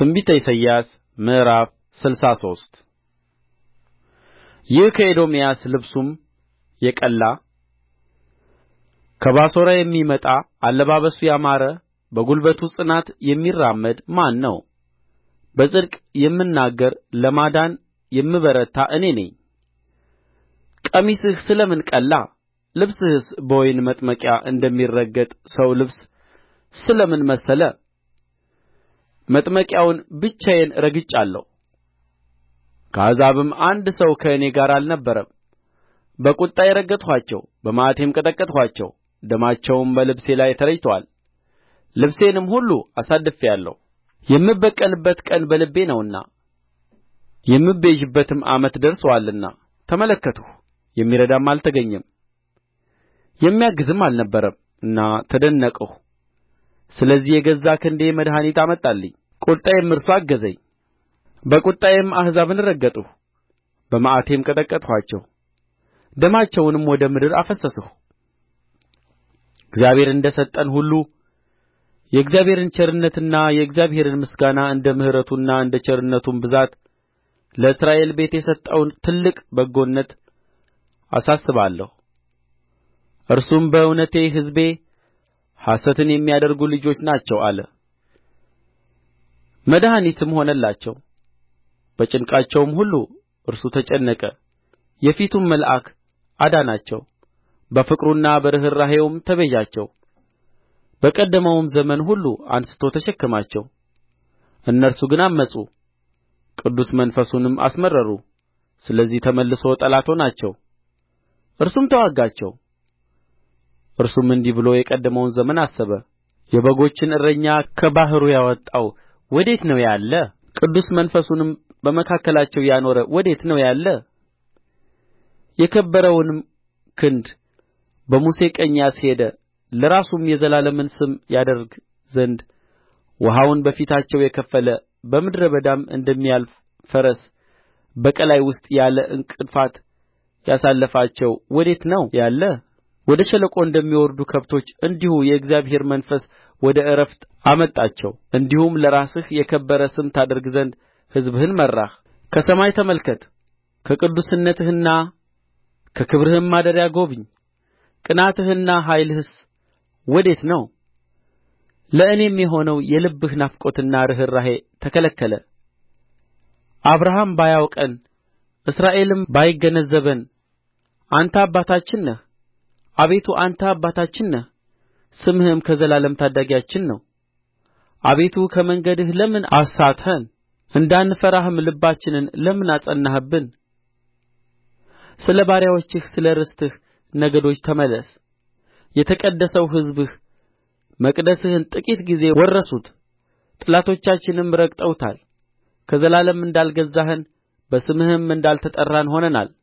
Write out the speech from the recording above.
ትንቢተ ኢሳይያስ ምዕራፍ ስልሳ ሶስት ይህ ከኤዶምያስ ልብሱም የቀላ ከባሶራ የሚመጣ አለባበሱ ያማረ በጕልበቱ ጽናት የሚራመድ ማን ነው በጽድቅ የምናገር ለማዳን የምበረታ እኔ ነኝ ቀሚስህ ስለ ምን ቀላ ልብስህስ በወይን መጥመቂያ እንደሚረገጥ ሰው ልብስ ስለ ምን መሰለ መጥመቂያውን ብቻዬን ረግጫለሁ ከአሕዛብም አንድ ሰው ከእኔ ጋር አልነበረም በቍጣዬ ረገጥኋቸው በመዓቴም ቀጠቀጥኋቸው ደማቸውም በልብሴ ላይ ተረጭቶአል ልብሴንም ሁሉ አሳድፌአለሁ የምበቀልበት ቀን በልቤ ነውና የምቤዥበትም ዓመት ደርሶአልና ተመለከትሁ የሚረዳም አልተገኘም የሚያግዝም አልነበረምና ተደነቅሁ ስለዚህ የገዛ ክንዴ መድኃኒት አመጣልኝ ቍጣዬም እርሱ አገዘኝ በቍጣዬም አሕዛብን ረገጥሁ በመዓቴም ቀጠቀጥኋቸው ደማቸውንም ወደ ምድር አፈሰስሁ እግዚአብሔር እንደ ሰጠን ሁሉ የእግዚአብሔርን ቸርነትና የእግዚአብሔርን ምስጋና እንደ ምሕረቱና እንደ ቸርነቱም ብዛት ለእስራኤል ቤት የሰጠውን ትልቅ በጎነት አሳስባለሁ እርሱም በእውነቴ ሕዝቤ ሐሰትን የሚያደርጉ ልጆች ናቸው አለ መድኃኒትም ሆነላቸው በጭንቃቸውም ሁሉ እርሱ ተጨነቀ የፊቱም መልአክ አዳናቸው በፍቅሩና በርኅራኄውም ተቤዣቸው በቀደመውም ዘመን ሁሉ አንሥቶ ተሸከማቸው እነርሱ ግን ዐመፁ ቅዱስ መንፈሱንም አስመረሩ ስለዚህ ተመልሶ ጠላት ሆናቸው እርሱም ተዋጋቸው እርሱም እንዲህ ብሎ የቀደመውን ዘመን አሰበ የበጎቹን እረኛ ከባሕሩ ያወጣው ወዴት ነው ያለ ቅዱስ መንፈሱንም በመካከላቸው ያኖረ ወዴት ነው ያለ የከበረውንም ክንድ በሙሴ ቀኝ ያስሄደ ለራሱም የዘላለምን ስም ያደርግ ዘንድ ውኃውን በፊታቸው የከፈለ በምድረ በዳም እንደሚያልፍ ፈረስ በቀላይ ውስጥ ያለ ዕንቅፋት ያሳለፋቸው ወዴት ነው ያለ ወደ ሸለቆ እንደሚወርዱ ከብቶች እንዲሁ የእግዚአብሔር መንፈስ ወደ ዕረፍት አመጣቸው እንዲሁም ለራስህ የከበረ ስም ታደርግ ዘንድ ሕዝብህን መራህ ከሰማይ ተመልከት ከቅዱስነትህና ከክብርህም ማደሪያ ጐብኝ ቅንዓትህና ኃይልህስ ወዴት ነው ለእኔም የሆነው የልብህ ናፍቆትና ርኅራኄ ተከለከለ አብርሃም ባያውቀን እስራኤልም ባይገነዘበን አንተ አባታችን ነህ አቤቱ አንተ አባታችን ነህ ስምህም ከዘላለም ታዳጊያችን ነው አቤቱ ከመንገድህ ለምን አሳትኸን እንዳንፈራህም ልባችንን ለምን አጸናህብን ስለ ባሪያዎችህ ስለ ርስትህ ነገዶች ተመለስ የተቀደሰው ሕዝብህ መቅደስህን ጥቂት ጊዜ ወረሱት ጠላቶቻችንም ረግጠውታል ከዘላለም እንዳልገዛኸን በስምህም እንዳልተጠራን ሆነናል